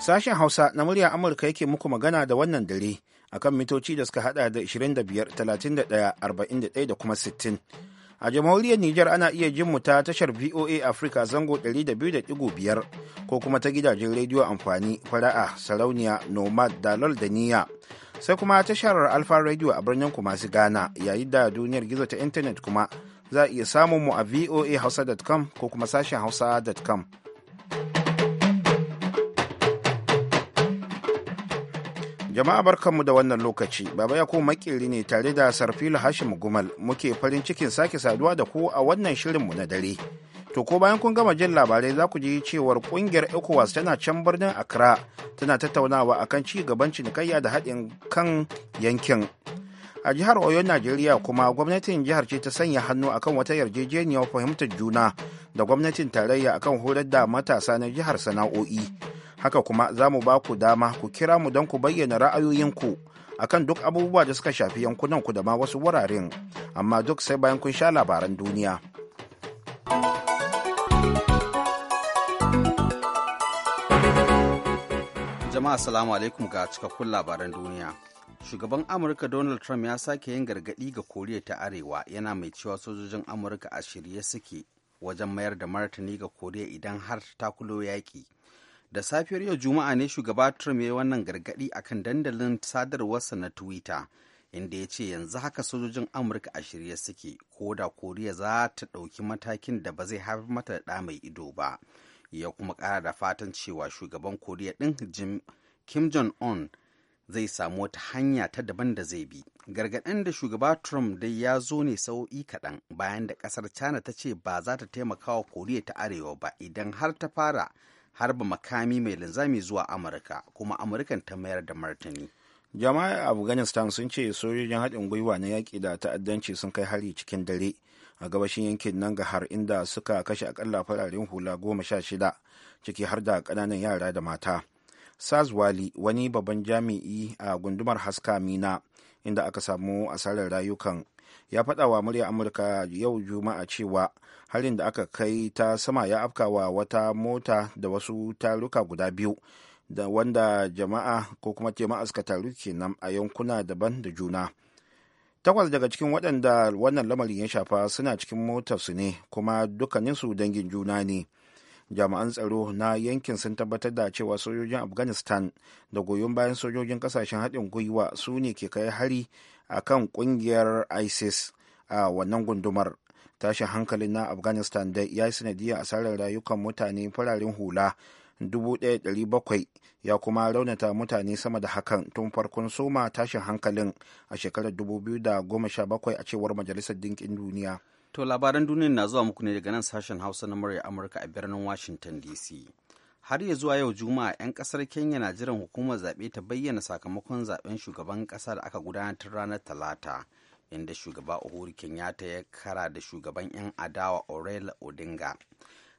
Sashen Hausa na murya Amurka yake muku magana da wannan dare akan mitoci da suka hada da 25, 31, 41 da kuma 60. A jamhuriyar Nijar ana iya jin mu ta tashar VOA Africa zango 200.5 ko kuma ta gidajen rediyo amfani fara'a sarauniya nomad dalol da niyya. Sai kuma tashar Alfa Radio a birnin masu gana yayin da duniyar gizo ta intanet kuma za a iya samun mu a voahausa.com ko kuma sashen hausa.com. Jama'a barkanmu da wannan lokaci, Baba ya kuma makeri ne tare da Sarfilu Hashim Gumal muke farin cikin sake saduwa da ku a wannan shirinmu na dare. To ko bayan kun gama jin labarai za ku ji cewar kungiyar ECOWAS tana can birnin Accra tana tattaunawa akan ci gaban cinikayya da haɗin kan yankin. A jihar Oyo Najeriya kuma gwamnatin jihar ce ta sanya hannu akan wata yarjejeniyar fahimtar juna da gwamnatin tarayya akan horar da matasa na jihar sana'o'i. haka kuma za mu ba ku dama ku kira mu don ku bayyana ra'ayoyinku kan duk abubuwa da suka shafi yankunanku da ma wasu wuraren amma duk sai bayan kun sha labaran duniya jama'a salamu alaikum ga cikakkun labaran duniya shugaban amurka donald trump ya sake yin gargadi ga koriya ta arewa yana mai cewa sojojin amurka a shirye suke wajen mayar da martani ga koriya idan har takulo yaƙi da safiyar yau juma'a ne shugaba trump ya yi wannan gargaɗi kan dandalin sadarwarsa na twitter inda ya ce yanzu haka sojojin amurka a shirye suke ko da koriya za ta ɗauki matakin da ba zai haifar mata da mai ido ba ya kuma ƙara da fatan cewa shugaban koriya ɗin kim jong-un zai samu wata hanya ta daban da zai bi gargaɗin da shugaba trump dai ya zo ne sau'i kaɗan bayan da ƙasar china ta ce ba za ta taimaka wa koriya ta arewa ba idan har ta fara harba makami mai linzami zuwa amurka kuma amurkan ta mayar da martani jama'a afghanistan sun ce sojojin haɗin gwiwa na yaƙi da ta'addanci sun kai hari cikin dare a gabashin yankin nan ga har inda suka kashe akalla fararen hula goma sha shida ciki har da ƙananan yara da mata sazwali wani babban jami'i a gundumar haska mina inda aka samu asarar rayukan ya faɗa wa murya amurka yau juma'a cewa harin da aka kai ta sama ya afkawa wata mota da wasu taruka guda biyu da wanda jama'a ko kuma jama'a suka taru kenan a yankuna daban da juna takwas daga cikin waɗanda wannan lamarin ya shafa suna cikin motarsu ne kuma dukkaninsu dangin juna ne jami'an tsaro na yankin sun tabbatar da cewa sojojin afghanistan da goyon bayan sojojin kasashen haɗin gwiwa su ne ke kai hari a kan ƙungiyar isis a wannan gundumar tashin hankalin na afghanistan da ya yi sanadiyar asarar rayukan mutane fararen hula 1,700 ya kuma raunata mutane sama da hakan tun farkon soma tashin hankalin a shekarar 2017 a cewar majalisar dinkin duniya. To labaran duniyar na zuwa muku ne daga nan sashen Hausa na murya Amurka a birnin Washington DC. Har ya zuwa yau Juma'a 'yan kasar Kenya na jiran hukumar zaɓe ta bayyana sakamakon zaɓen shugaban ƙasa da aka gudanar tun ranar Talata, inda shugaba Uhuru Kenyatta ya kara da shugaban 'yan adawa Orel Odinga.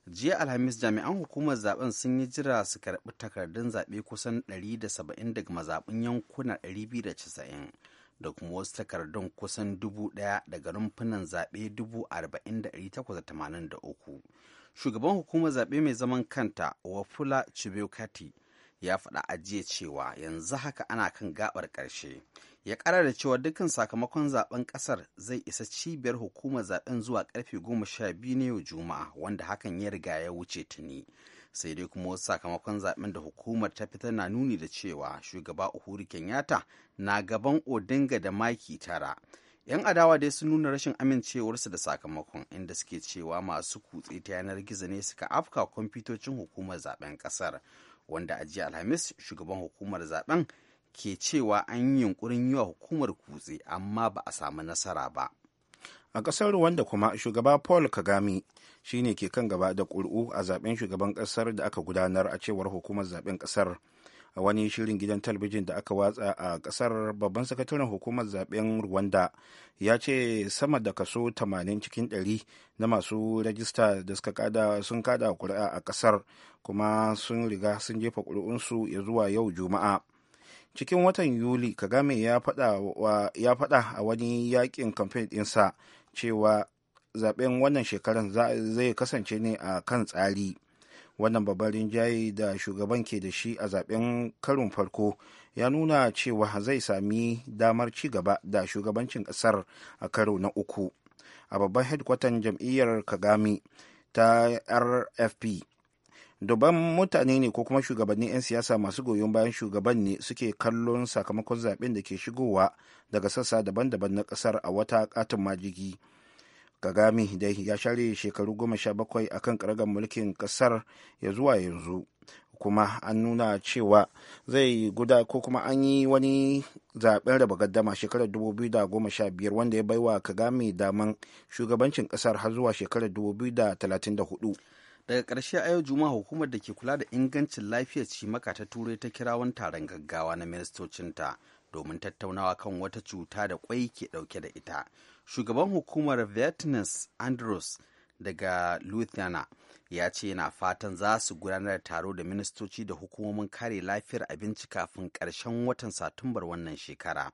Jiya Alhamis jami'an hukumar zaben sun yi jira su karɓi takardun zaɓe kusan 170 daga mazaɓin yankuna 290. da kuma wasu takardun kusan dubu ɗaya daga rumfunan zaɓe dubu arba'in da ɗari takwas da tamanin da uku. Shugaban hukumar zaɓe mai zaman kanta Wafula Chibukati ya faɗa ajiye cewa yanzu haka ana kan gaɓar ƙarshe. Ya ƙara da cewa dukkan sakamakon zaɓen ƙasar zai isa cibiyar hukumar zaɓen zuwa ƙarfe goma sha biyu na yau Juma'a wanda hakan ya riga ya wuce tuni. sai dai kuma wasu sakamakon zaɓen da hukumar ta fitar na nuni da cewa shugaba uhuru kenyatta na gaban odinga da maki tara yan adawa dai sun nuna rashin amincewarsu da sakamakon inda suke cewa masu kutse ta yanar gizo ne suka afka kwamfutocin hukumar zaben kasar wanda a jiya alhamis shugaban hukumar zaben ke cewa an yi yunkurin yi wa hukumar kutse amma ba a samu nasara ba a kasar rwanda kuma shugaba paul kagame shine ke kan gaba da ƙuri'u a zaben shugaban ƙasar da aka gudanar a cewar hukumar zaben ƙasar a wani shirin gidan talabijin da aka watsa a ƙasar babban sakataren hukumar zaben rwanda ya ce sama da kaso 80 cikin 100 na masu rajista da suka kada sun kada ƙuri'a a ƙasar kuma sun riga sun jefa ƙuri'unsu ya zuwa yau juma'a cikin watan yuli kagame ya faɗa a wani yakin kamfen ɗinsa cewa zaben wannan shekaran zai kasance ne a kan tsari wannan babban rinjaye da shugaban ke da shi a zaben karin farko ya nuna cewa zai sami damar ci gaba da shugabancin kasar a karo na uku a babban hedkwatan jam'iyyar kagami ta rfp dubban mutane ne ko kuma shugabannin 'yan siyasa masu goyon bayan shugaban ne suke kallon sakamakon zaben da ke shigowa daga sassa daban-daban na kasar a wata katin majigi kagame dai ya share shekaru goma sha bakwai a kan karagar mulkin kasar ya zuwa yanzu kuma an nuna cewa zai guda ko kuma an yi wani zaben raba gaddama shekarar 2015 wanda ya baiwa kagami daman shugabancin kasar har zuwa shekarar 2034 daga karshe a yau juma'a hukumar da ke kula da ingancin lafiyar cimaka ta turai ta kira taron gaggawa na ministocinta domin tattaunawa kan wata cuta da kwai ke ɗauke da ita shugaban hukumar vietnams andrews daga Louisiana ya ce yana fatan za su gudanar da taro da ministoci da hukumomin kare lafiyar abinci kafin ƙarshen watan Satumbar wannan shekara.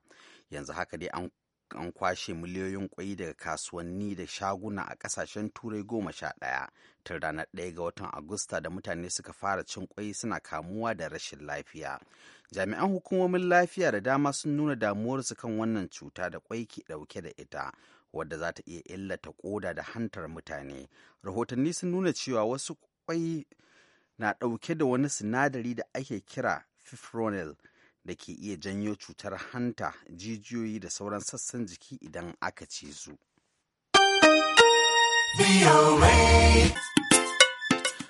Yanzu haka dai an an kwashe miliyoyin kwai daga kasuwanni da shaguna a kasashen turai goma sha ɗaya tun ranar ɗaya ga watan agusta da mutane suka fara cin kwai suna kamuwa da rashin lafiya jami'an hukumomin lafiya da dama sun nuna damuwarsu kan wannan cuta da kwai ke dauke da ita wadda za ta iya illata koda da hantar mutane rahotanni sun nuna cewa wasu kwai na dauke da wani sinadari da ake kira fifronil da ke iya janyo cutar hanta jijiyoyi da sauran sassan jiki idan aka ci su.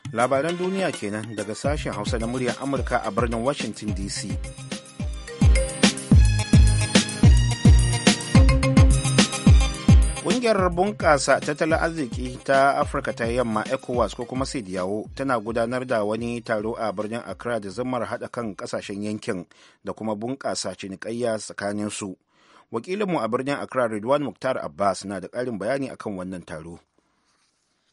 labaran duniya kenan daga sashen hausa na muryar amurka a birnin washington dc Ƙungiyar bunƙasa tattalin arziki ta Afirka ta yamma ECOWAS ko kuma yawo tana gudanar da wani taro a birnin Accra da zammar haɗa kan ƙasashen yankin da kuma bunƙasa cinikayya su Wakilinmu a birnin Accra Ridwan Muktar Abbas na da ƙarin bayani akan wannan taro.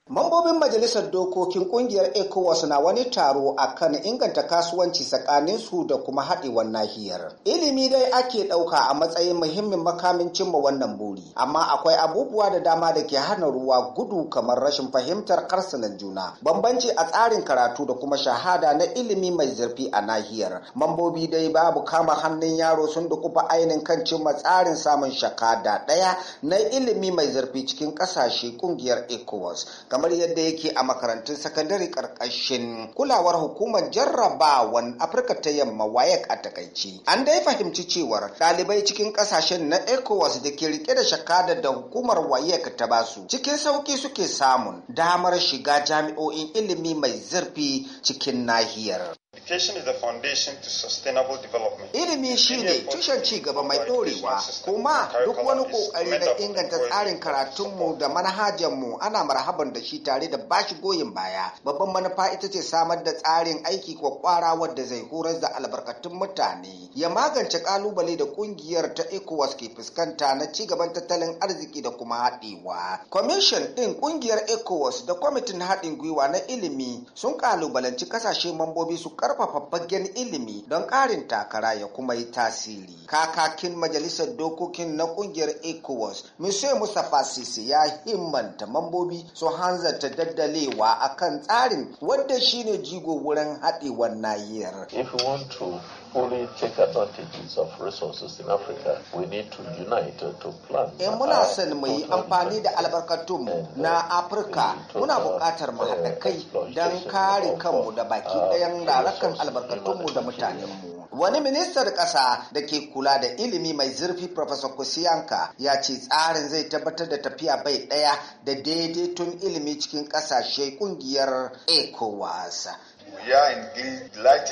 Mambobin majalisar dokokin ƙungiyar ECOWAS na wani taro a kan inganta kasuwanci tsakanin su da kuma haɗewar nahiyar. Ilimi dai ake ɗauka a matsayin muhimmin makamin cimma wannan buri, amma akwai abubuwa da dama da ke hana ruwa gudu kamar rashin fahimtar harsunan juna, bambanci a tsarin karatu da kuma shahada na ilimi mai zurfi a nahiyar. Mambobi dai babu kama hannun yaro sun da kufa ainin kan cimma tsarin samun shakada ɗaya na ilimi mai zurfi cikin ƙasashe ƙungiyar ECOWAS. kamar yadda yake a makarantun sakandare karkashin kulawar hukumar jarrabawan afirka ta yamma wayek a takaici an dai fahimci cewar ɗalibai cikin ƙasashen na ecowas da ke rike da shakada da hukumar wayek ta basu cikin sauki suke samun damar shiga jami'o'in ilimi mai zurfi cikin nahiyar Ilimi shi Ilimi shine tushen ci gaba mai ɗorewa, kuma duk wani ƙoƙari na inganta tsarin karatunmu da manhajanmu ana marhaban da shi tare da bashi goyin baya. Babban manufa ita ce samar da tsarin aiki kwakwara wadda zai horar da albarkatun mutane, ya magance ƙalubale da ƙungiyar ta ECOWAS ke fuskanta na ci gaban tattalin arziki da kuma haɗewa. Kwamishin ɗin ƙungiyar ECOWAS da kwamitin haɗin gwiwa na ilimi sun ƙalubalanci ƙasashen mambobi su ƙarfafa karfafa fagen ilimi don ƙarin takara ya kuma yi tasiri. Kakakin majalisar dokokin na ƙungiyar ECOWAS, Musa Mustapha Sisi ya himmanta mambobi su hanzarta daddalewa akan tsarin wanda shine jigo wurin haɗewar nahiyar. only take advantages of resources in Africa. We need to unite to plan. Eh, muna uh, son mu yi amfani da albarkatun uh, na Afirka. Muna buƙatar mu haɗa kai don kare kanmu da baki uh, ɗayan lalakan albarkatunmu da mutanenmu. Wani ministar ƙasa da ke kula da ilimi mai zurfi Professor Kusiyanka ya ce tsarin zai tabbatar da tafiya bai ɗaya da tun ilimi cikin ƙasashe ƙungiyar ECOWAS. We are indeed that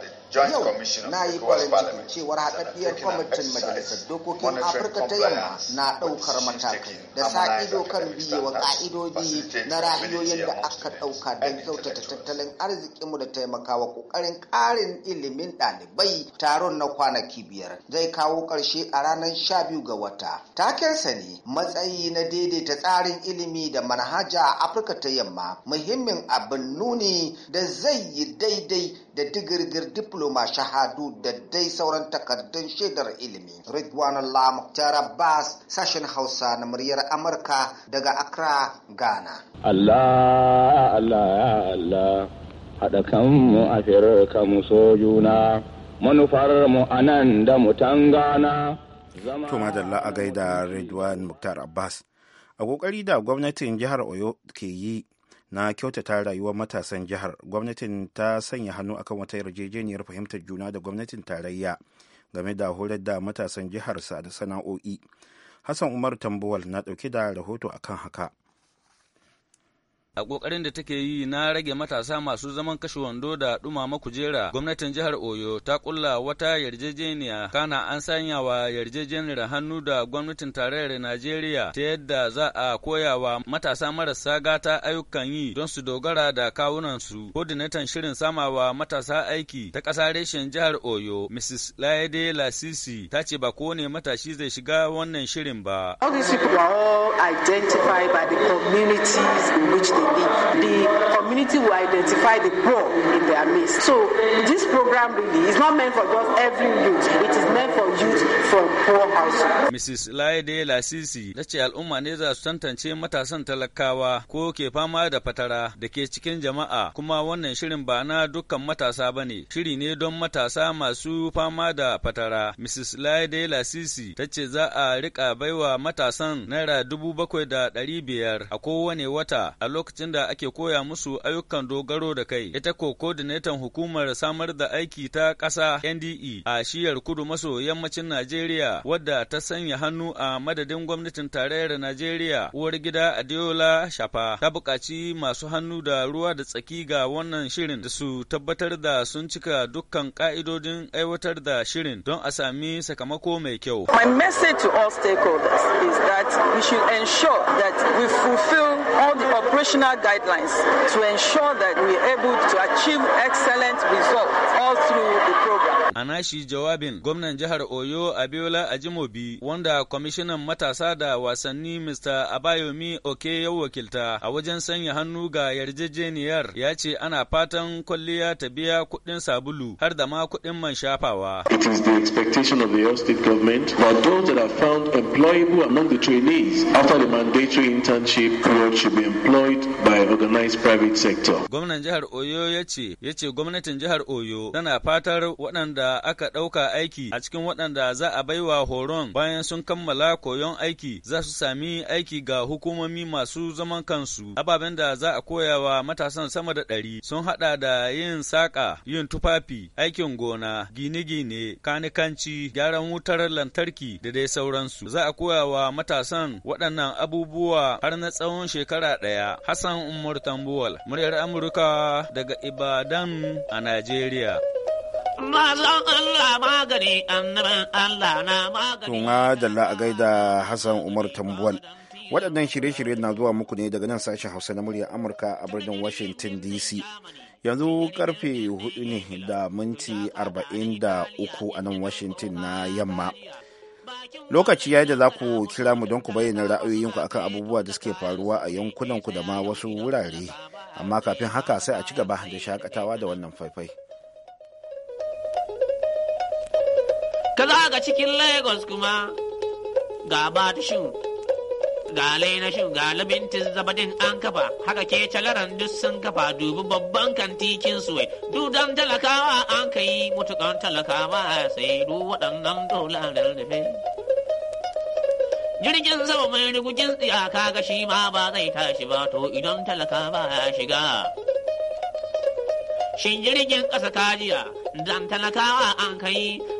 the yau na yi farin ciki cewar haɗaɗɗiyar kwamitin majalisar dokokin afirka ta yamma na ɗaukar matakai da sa ido kan biyewa ƙa'idodi na ra'ayoyin da aka ɗauka don kyautata tattalin arzikinmu da taimakawa ƙoƙarin ƙarin ilimin ɗalibai taron na kwanaki biyar zai kawo ƙarshe a ranar sha biyu ga wata takensa ne matsayi na daidaita tsarin ilimi da manhaja a afirka ta yamma muhimmin abin nuni da zai yi daidai da digirgir diploma shahadu da dai sauran takardun shaidar ilimi. Ridwan Lam Bas sashen Hausa na muryar Amurka daga Accra, Ghana. Allah Allah ya Allah haɗa kanmu a firka mu so juna manufar mu anan da mu tangana. To madalla a gaida Ridwan Muktar Abbas. A kokari da gwamnatin jihar Oyo ke yi na kyautata rayuwar matasan jihar gwamnatin ta sanya hannu akan wata yarjejeniyar fahimtar juna da gwamnatin tarayya game da horar da matasan jihar sa da sana'o'i hassan umar tambuwal na ɗauke da rahoto akan haka a kokarin da take yi na rage matasa masu zaman kashe wando da dumama kujera gwamnatin jihar oyo ta kulla wata yarjejeniya kana an sanya wa yarjejeniyar hannu da gwamnatin tarayyar najeriya ta yadda za a koya wa matasa marasa gata ayyukan yi don su dogara da kawunansu kodinatan shirin sama wa matasa aiki ta kasa reshen jihar oyo mrs laide lasisi ta ce ba kowane matashi zai shiga wannan shirin ba all these people are all identified by the communities in which they the, the community will identify the poor in their midst. So this program really is not meant for just every youth. It is meant for youth from poor households. Mrs. Laide Lasisi ta ce al'umma ne za su tantance matasan talakawa ko ke fama da fatara da ke cikin jama'a kuma wannan shirin ba na dukkan matasa ba ne shiri ne don matasa masu fama da fatara. Mrs. Laide Lasisi ta ce za a rika baiwa matasan naira dubu bakwai da ɗari biyar a kowane wata a lokacin da ake koya musu ayyukan dogaro da kai. Ita ko kodinatan hukumar samar da aiki ta ƙasa NDE a shiyar kudu maso yamma yammacin Najeriya wadda ta sanya hannu a madadin gwamnatin tarayyar Najeriya uwar gida Adeola Shafa ta buƙaci masu hannu da ruwa da tsaki ga wannan shirin da su tabbatar da sun cika dukkan ƙa'idodin aiwatar da shirin don a sami sakamako mai kyau. My message to all stakeholders is that we should ensure that we fulfill all the operational guidelines to ensure that we are able to achieve excellent results all through the program. A nashi jawabin gwamnan jihar Oyo Abiola Ajimobi wanda kwamishinan matasa da wasanni Mr. Abayomi Oke ya wakilta a wajen sanya hannu ga yarjejeniyar ya ce ana fatan kwalliya ta biya kuɗin sabulu har da ma kuɗin man shafawa. It is the expectation of the Oyo State government that those that are found employable among the trainees after the mandatory internship period should be employed by organized private sector. Gwamnan jihar Oyo ya ce, ya ce gwamnatin jihar Oyo tana fatar waɗanda aka ɗauka aiki a cikin waɗanda waɗanda za a baiwa horon bayan sun kammala koyon aiki za su sami aiki ga hukumomi masu zaman kansu. Ababen da za a koya wa matasan sama da ɗari sun haɗa da yin saƙa, yin tufafi, aikin gona, gine-gine, kanikanci, gyaran wutar lantarki da dai sauransu. Za a koya wa matasan waɗannan abubuwa har na tsawon shekara ɗaya. Hassan Umar Tambuwal, muryar Amurka daga Ibadan a Najeriya. Allah bari da Allah na a gaida Hassan Umar Tambuwal. Waɗannan shirye-shirye na zuwa muku ne daga nan sashen Hausa na muryar Amurka a birnin Washington DC. Yanzu karfe hudu ne da minti arba'in da uku a nan Washington na yamma. Lokaci ya yi da za ku kira mu don ku bayyana ra'ayoyinku akan abubuwa da suke faruwa a yankunanku da ma wasu wurare. Amma kafin haka sai a ci gaba da shakatawa da wannan faifai. ka ga cikin lagos kuma ga batishin ga lainashin ga labintin zabadin an kafa haka ke calaran duk sun kafa dubi babban kantikin suwai dudan talakawa an ka yi mutukan talakawa sai du waɗannan dolarar da jirgin sama mai rigujin tsiyaka ga shi ma ba zai tashi ba to idan ba ya shiga shin jirgin ƙasa kajiya dan talakawa an kai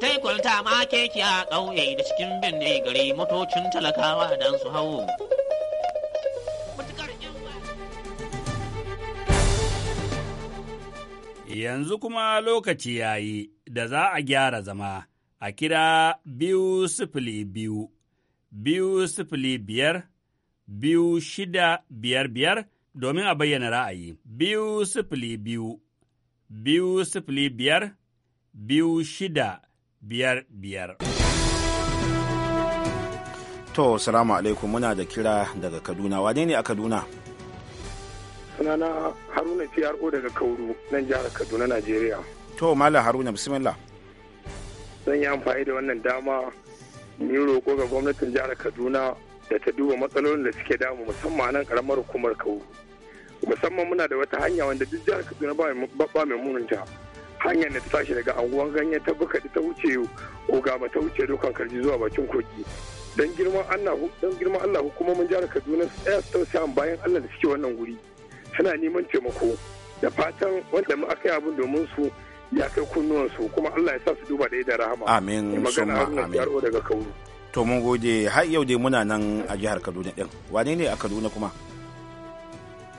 ta yi kwalta ma keke a ƙauye da cikin binne gari motocin talakawa don su hau. Yanzu kuma lokaci ya yi da za a gyara zama a kira biyu sifili biyu, biyu sifili biyar, biyu shida biyar biyar domin a bayyana ra'ayi. Biyu sifili biyu, biyu sifili biyar, biyu shida biyar biyar. To, salamu alaikum muna da kira daga Kaduna. Wane ne a Kaduna? Sunana Haruna PRO daga Kauru, nan jihar Kaduna, Najeriya. To, Malam Haruna, bismillah. Zan yi amfani da wannan dama ni roƙo ga gwamnatin jihar Kaduna da ta duba matsalolin da suke damu musamman nan karamar hukumar Kauru. Musamman muna da wata hanya wanda duk jihar Kaduna ba mai mununta. hanyar da ta tashi daga anguwan ganye ta buka ta wuce ba ta wuce dokan karji zuwa bakin kogi dan girman Allah dan girman Allah mun jihar Kaduna su tsaya su bayan Allah da suke wannan guri suna neman taimako da fatan wanda mu aka yi abin domin su ya kai kunnuwan su kuma Allah ya sa su duba da yadda rahama amin summa amin daga Kauru to mun gode har yau dai muna nan a jihar Kaduna din wane ne a Kaduna kuma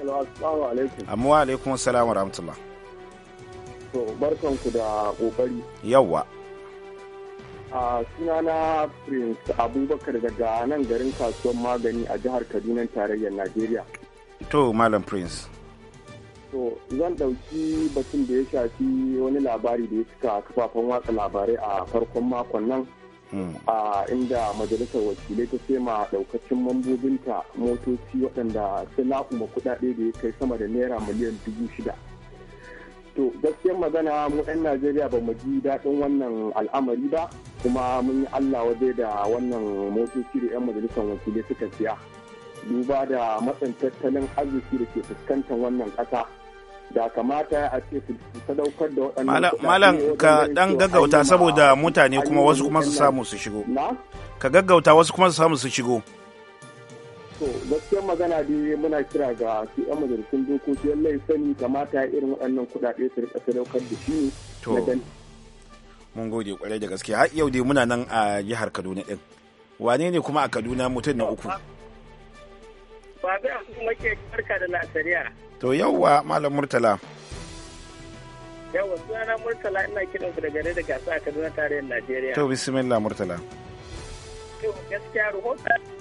Assalamu alaikum. Amma wa alaikum assalam wa rahmatullah. To, barkanku da ƙoƙari. Yawwa. A sunana Prince Abubakar daga nan garin kasuwan magani a jihar Kaduna tarayyar Najeriya. To, Malam Prince. To, zan ɗauki batun da ya shafi wani labari da ya cika kafafen watsa labarai a farkon makon nan. Hmm. a inda majalisar wakilai ta sema daukacin mambobinta motoci waɗanda sun laƙuma kuɗaɗe da ya kai sama da naira miliyan dubu shida. to gaskiyar magana mu 'yan najeriya ba mu ji daɗin wannan al'amari ba kuma mun yi allah waje da wannan motoci da 'yan majalisar wakilai suka siya duba da matsin tattalin arziki da ke fuskantar wannan ƙasa da kamata a ce su sadaukar da waɗannan malam ka dan gaggauta saboda mutane kuma wasu kuma su samu su shigo ka gaggauta wasu kuma su samu su shigo To gaskiyar magana dai muna kira ga su 'yan majalisun dokoki lallai sani kamata irin waɗannan kuɗaɗe su rika sadaukar da shi ne. mun gode kwarai da gaske har yau dai muna nan a jihar Kaduna ɗin. wane ne kuma a Kaduna mutum na uku Babu Yakubu muke barka da lasariya to yauwa malam Murtala yauwa sunana Murtala ina kiran ku da gare da gasa a Kaduna tarayyar Najeriya to bismillah Murtala to gaskiya rahoton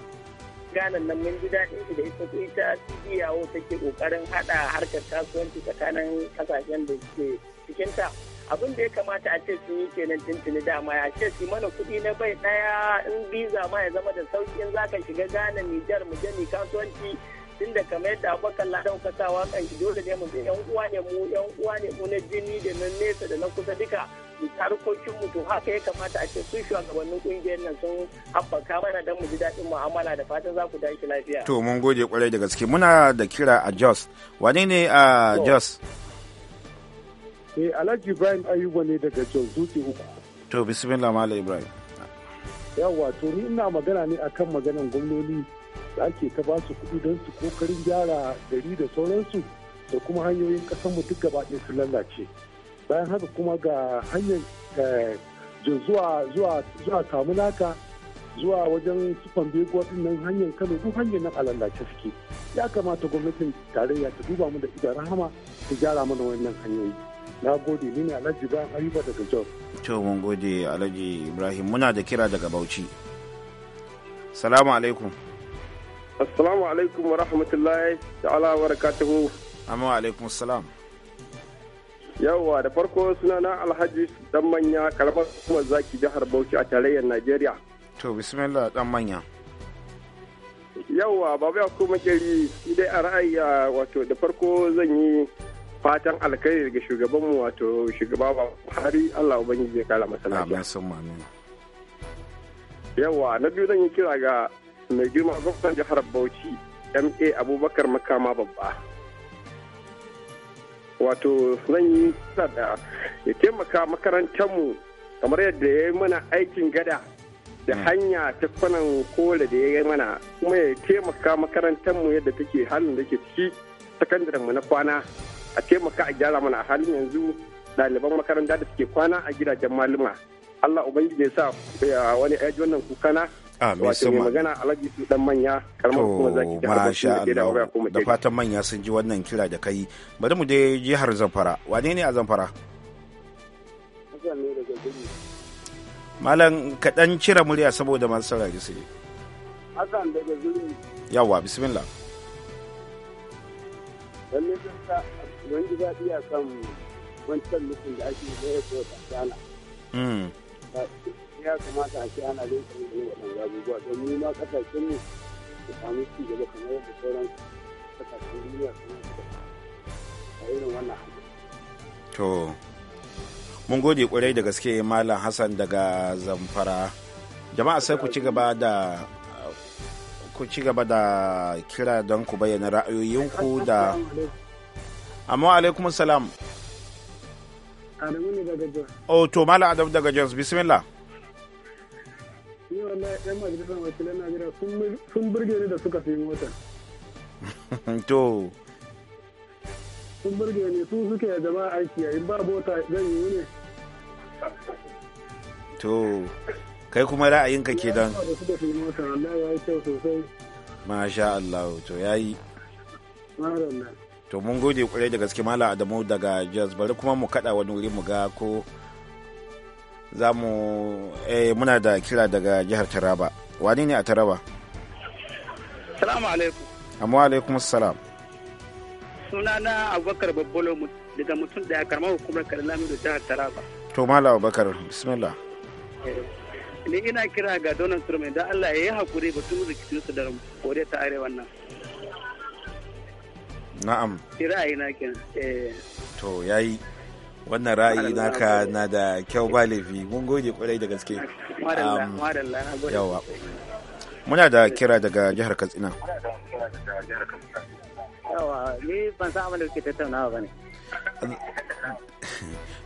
ganan nan mun ji daɗin shi da ita ita yawo take ƙoƙarin haɗa harkar kasuwanci tsakanin kasashen da suke cikinta abin da ya kamata a ce sun yi kenan tuntuni dama ya ce su mana kuɗi na bai ɗaya in biza ma ya zama da sauƙi in za ka shiga Ghana Nijar mu je kasuwanci tun da kamar yadda abokan ladan kasawa kan shi dole ne mu yan uwa ne mu yan uwa ne mu na jini da na nesa da na kusa duka mu to haka ya kamata a ce sun shugabannin kungiyar nan sun haɓaka mana don mu ji daɗin mu'amala da fatan za ku dashi lafiya. To mun gode kwarai da gaske muna da kira a Jos. Wane ne a Jos? Eh Alhaji Ibrahim Ayuba ne daga Jos Dutse uku. To bismillah Malam Ibrahim. Yawwa to ni ina magana ne akan maganan gwamnoni da ake ta ba su kuɗi don su kokarin gyara gari da sauransu da kuma hanyoyin ƙasar mu duk gaba ɗaya su lallace. bayan haka kuma ga hanyar eh, zuwa zuwa zuwa naka zuwa wajen sufan bego nan hanyar kano duk hanyar nan alalace suke ya kamata gwamnatin tarayya ta duba mu da idan rahama ta gyara mana wannan hanyoyi na gode ni ne alhaji bayan ayuba daga jos to mun gode alhaji ibrahim muna da kira daga bauchi salamu alaikum assalamu alaikum wa rahmatullahi ta'ala wa barakatuhu amma alaikum salam Yawwa da farko sunana Alhaji dan manya karamar kuma zaki jihar Bauchi a tarayyar nigeria To bismillah dan manya. Yawwa ba ya kuma kiri dai a ra'ayi wato da farko zan yi fatan alkhairi daga shugabanmu wato shugaba hari Allah ubangiji ya kara masa lafiya. Amin sun Yawwa na biyu zan yi kira ga mai girma gwamnatin jihar Bauchi MA Abubakar Makama babba. wato zan yi da ya taimaka makarantarmu kamar yadda ya yi mana aikin gada da hmm. hanya ta kwanan kola da ya yi mana kuma ya taimaka makarantarmu yadda take halin da ke ciki mu na kwana a taimaka a gyara mana a halin yanzu ɗaliban makaranta da suke kwana a gidajen maluma Allah Ubangiji ya sa eh, wani yaji wannan kukana Amin ah, sama. magana Alhaji su dan manya karamar kuma zaki da da fatan manya sun ji wannan kira da kai. Bari mu je jihar Zamfara. Wane ne a Zamfara? Malam kaɗan cire murya saboda masu saurari su. daga Zuri. Yawwa bismillah. Lalle sun sa wani kan wancan mutum da ake zai ko ta sana. ya kamata a ce ana yin kuma irin waɗanda abubuwa don mu ma kasashen mu su samu ci gaba kamar yadda sauran kasashen duniya suna a irin wannan hali. To, mun gode kwarai da gaske Malam Hassan daga Zamfara. Jama'a sai ku ci gaba da ku ci gaba da kira don ku bayyana ra'ayoyinku da amma alaikum salam O oh, to mala adamu daga jos bismillah ni wallahi majalisar wakilan Najeriya sun To. Kai kuma ra'ayinka ke don. Masha Allah to yi. To mun gode kwarai da gaske Malam Adamu daga Jos bari kuma mu kaɗa wani wuri mu ga ko za mu eh, muna da kira daga jihar taraba wani ne a taraba salamu alaikum amma alaikum salam sunana abubakar babbalo daga mutum daya karamar hukumar lami da jihar taraba to mala abubakar bismillah eh, ne ina kira ga donald trump da allah ya yi hakuri batun rikicin su da kore ta arewa nan na'am kira ina kenan eh. to yayi wannan ra'ayi naka na da kyau ba laifi mun gode kwarai da gaske yawa muna da kira daga jihar katsina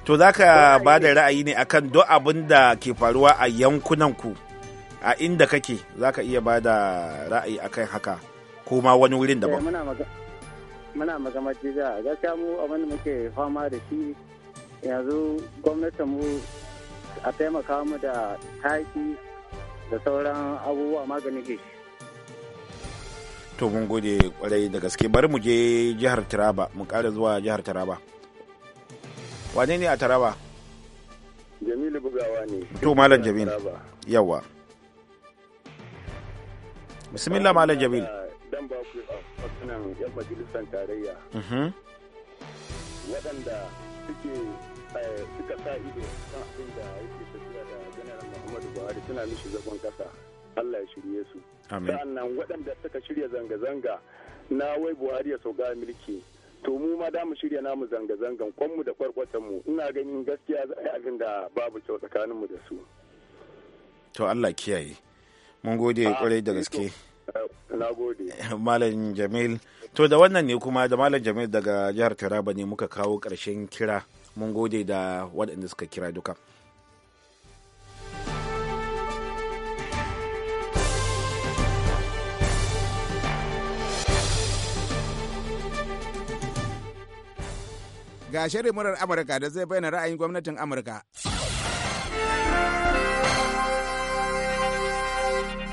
to za ka ba da ra'ayi ne akan duk abin da ke faruwa a yankunanku a inda kake za ka iya ba da ra'ayi akan haka ko ma wani wurin daban eh, muna magana jiya gaskiya mu abin da muke fama da shi yanzu gwamnatinmu a taimaka mu da taki da sauran abubuwa maganin shi. To mun gode kwarai da gaske bari mu je jihar Taraba mu kare zuwa jihar Taraba. Wane ne a Taraba? Jamilu bugawa ne. To Malam Jamil. Yawa. Bismillah Malam Jamil. Dan ba ku fasinan yan majalisar tarayya. Mhm. Waɗanda suke suka sa ido kan abin da yake tafiya da janar muhammadu buhari suna mishi zagon kasa allah ya shirye su sa'annan waɗanda suka shirya zanga-zanga na wai buhari ya sauka mulki to mu ma da mu shirya namu zanga-zangan kwanmu da kwarkwatanmu ina ganin gaskiya za a abin da babu kyau tsakaninmu da su to allah kiyaye mun gode kwarai ah, da gaske eh, malam jamil to da wannan ne kuma da malam jamil daga jihar taraba ne muka kawo ƙarshen kira mun gode da waɗanda suka kira duka ga shirin murar amurka da zai bayyana ra'ayin gwamnatin amurka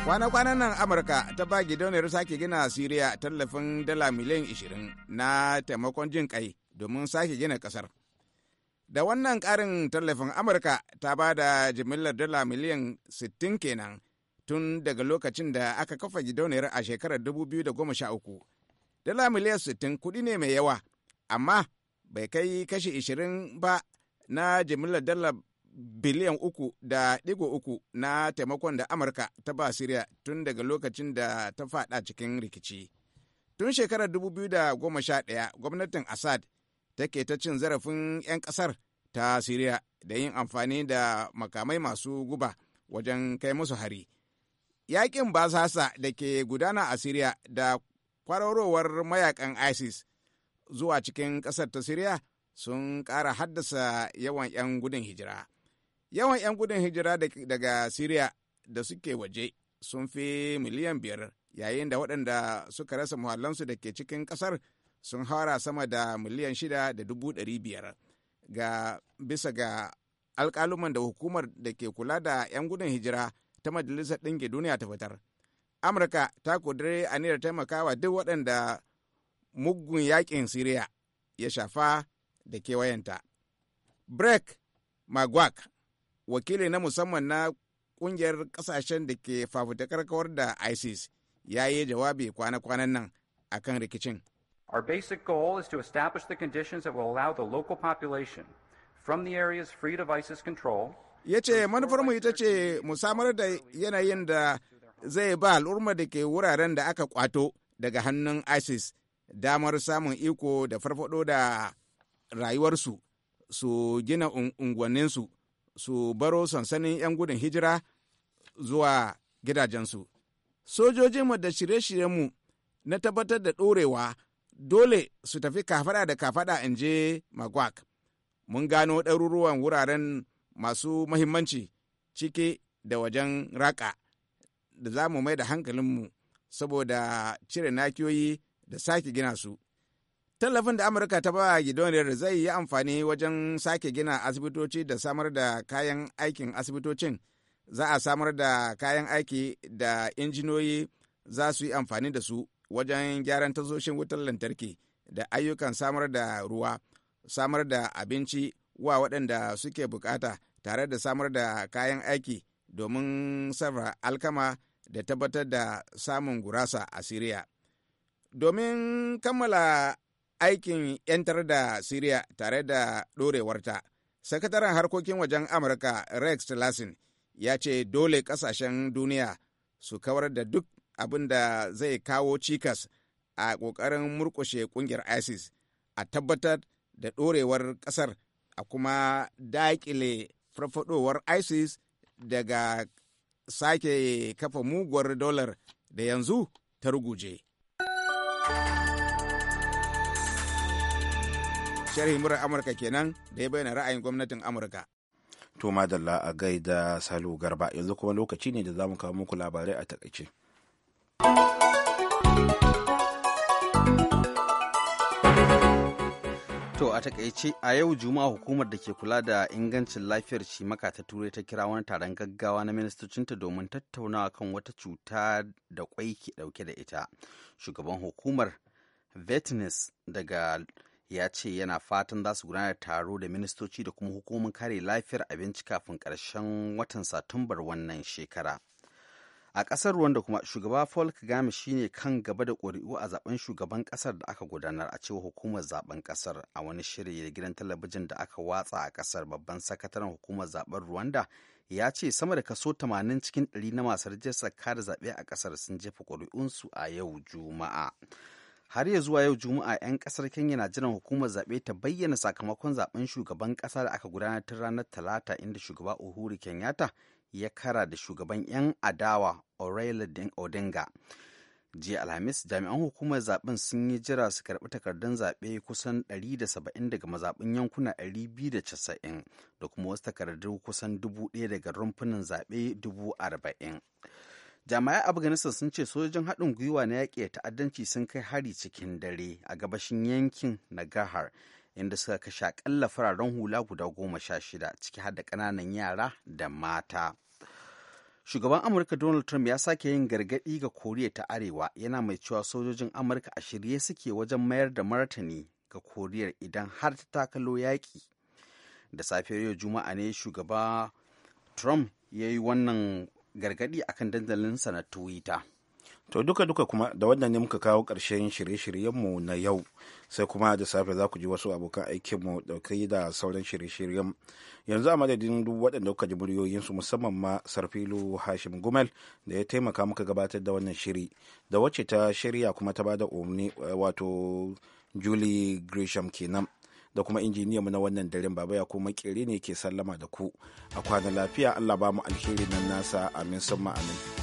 kwana-kwanan nan amurka ta ba gidauniyar sake gina siriya tallafin dala miliyan 20 na taimakon jin kai domin sake gina kasar Da wannan ƙarin tallafin Amurka ta ba da jimillar dala miliyan 60 kenan tun daga lokacin da aka kafa gidauniyar a shekarar 2013. Dala miliyan 60 kuɗi ne mai yawa, amma bai kai kashi 20 ba na jimillar dala biliyan uku da digo uku na taimakon da Amurka ta ba Siriya tun daga lokacin da ta fada cikin rikici. Tun shekarar 2011 gwamnatin Assad take ta cin zarafin 'yan kasar ta Siriya da yin amfani da makamai masu guba wajen kai musu hari. Yaƙin basasa da ke gudana a Siriya da kwararowar mayakan ISIS zuwa cikin ƙasar ta Siriya sun ƙara haddasa yawan 'yan gudun hijira. Yawan 'yan gudun hijira daga Siriya da suke waje sun fi miliyan biyar yayin da waɗanda suka rasa muhallansu da ke cikin ƙasar sun hara sama da miliyan shida da dubu ɗari biyar ga bisa ga alkaluman da hukumar da ke kula da 'yan gudun hijira ta majalisar ɗinki duniya ta fitar amurka ta kudure aniyar taimakawa duk waɗanda muggun yaƙin siriya ya shafa da kewayenta brek magwak wakili na musamman na ƙungiyar ƙasashen da ke fafutakar kawar da isis ya yi jawabi kwana-kwanan nan akan rikicin Our basic goal is to establish the conditions that will allow the local population from the areas freed of ISIS control. Ya ce manufarmu ita ce mu samar da yanayin da zai ba al'umma da ke wuraren da aka kwato daga hannun ISIS damar samun iko da farfado da rayuwarsu su gina unguwanninsu su baro sansanin 'yan gudun hijira zuwa gidajensu. Sojojinmu da shirye-shiryenmu na tabbatar da ɗorewa dole su tafi kafada da kafada in je magwak mun gano ɗaruruwan wuraren masu mahimmanci cike da wajen raƙa da za mu mai da hankalinmu saboda cire nakiyoyi da sake gina su tallafin da amurka ta ba da zai yi amfani wajen sake gina asibitoci da samar da kayan aikin asibitocin za a samar da kayan aiki da injinoyi za su yi amfani da su wajen gyaran tasoshin wutar lantarki da ayyukan samar da ruwa samar da abinci wa waɗanda suke bukata tare da samar da kayan aiki domin sarrafa alkama da tabbatar da samun gurasa a siriya domin kammala aikin 'yantar da siriya tare da ɗorewarta sakataren harkokin wajen amurka rex tillerson ya ce dole ƙasashen duniya su kawar da duk abin da zai kawo cikas a ƙoƙarin murƙushe ƙungiyar isis a tabbatar da ɗorewar ƙasar a kuma daƙile farfadowar isis daga sake kafa muguwar dolar da yanzu ta ruguje. sharhi murar amurka kenan da ya bayyana ra'ayin gwamnatin amurka to madalla a gaida salu garba yanzu kuma lokaci ne da za mu kawo muku labarai a takaice To a takaice a yau juma'a hukumar da ke kula da ingancin lafiyar cimaka ta turai ta kira wani taron gaggawa na ministocinta domin tattaunawa kan wata cuta da kwai ke dauke da ita. Shugaban hukumar Vetnes daga ya ce yana fatan za su gudanar taro da ministoci da kuma hukumar kare lafiyar abinci kafin ƙarshen watan satumbar wannan shekara. a ƙasar Rwanda kuma shugaba folk game shine kan gaba da ƙuri'u a zaben shugaban ƙasar da aka gudanar a cewa hukumar zaben ƙasar a wani shiri da gidan talabijin da aka watsa a ƙasar babban sakataren hukumar zaben Rwanda ya ce sama da kaso 80 cikin 100 na masu rajistar kada zaɓe a ƙasar sun jefa ƙuri'unsu a yau Juma'a. har ya zuwa yau juma'a 'yan kasar kenya na jiran hukumar zaɓe ta bayyana sakamakon zaben shugaban ƙasa da aka gudanar tun ranar talata inda shugaba uhuru kenyatta ya kara da shugaban 'yan adawa O'Reilly Odinga. jiya alhamis jami'an hukumar zaben sun yi jira su karbi takardun zaɓe kusan 170 daga mazaɓin yankuna 290 da kuma wasu takardu kusan 1000 daga rumfunan zaɓe 40 jami'ai afghanistan sun ce sojojin haɗin gwiwa na yaƙi ta'addanci sun kai hari cikin dare a gabashin yankin nagahar inda suka kashe akalla fararen hula guda goma sha shida ciki har da ƙananan yara da mata shugaban amurka donald trump ya sake yin gargaɗi ga koriya ta arewa yana mai cewa sojojin amurka a shirye suke wajen mayar da martani ga koriya idan har ta takalo yaƙi da safiyar yau juma'a ne shugaba trump ya yi wannan gargaɗi akan dandalinsa na twitter To duka-duka kuma da wannan ne muka kawo ƙarshen shirye-shiryenmu na yau sai kuma da safe za ku ji wasu abokan aikinmu ɗauki da sauran shirye-shiryen yanzu a madadin duk waɗanda kuka ji muryoyinsu musamman ma sarfilu hashim gumel da ya taimaka muka gabatar da wannan shiri da wacce ta shirya kuma ta bada umarni eh, wato julie gresham kenan da kuma injiniyanmu na wannan daren baba ya kuma ne ke sallama da ku a kwana lafiya allah ba mu alheri nan nasa amin summa amin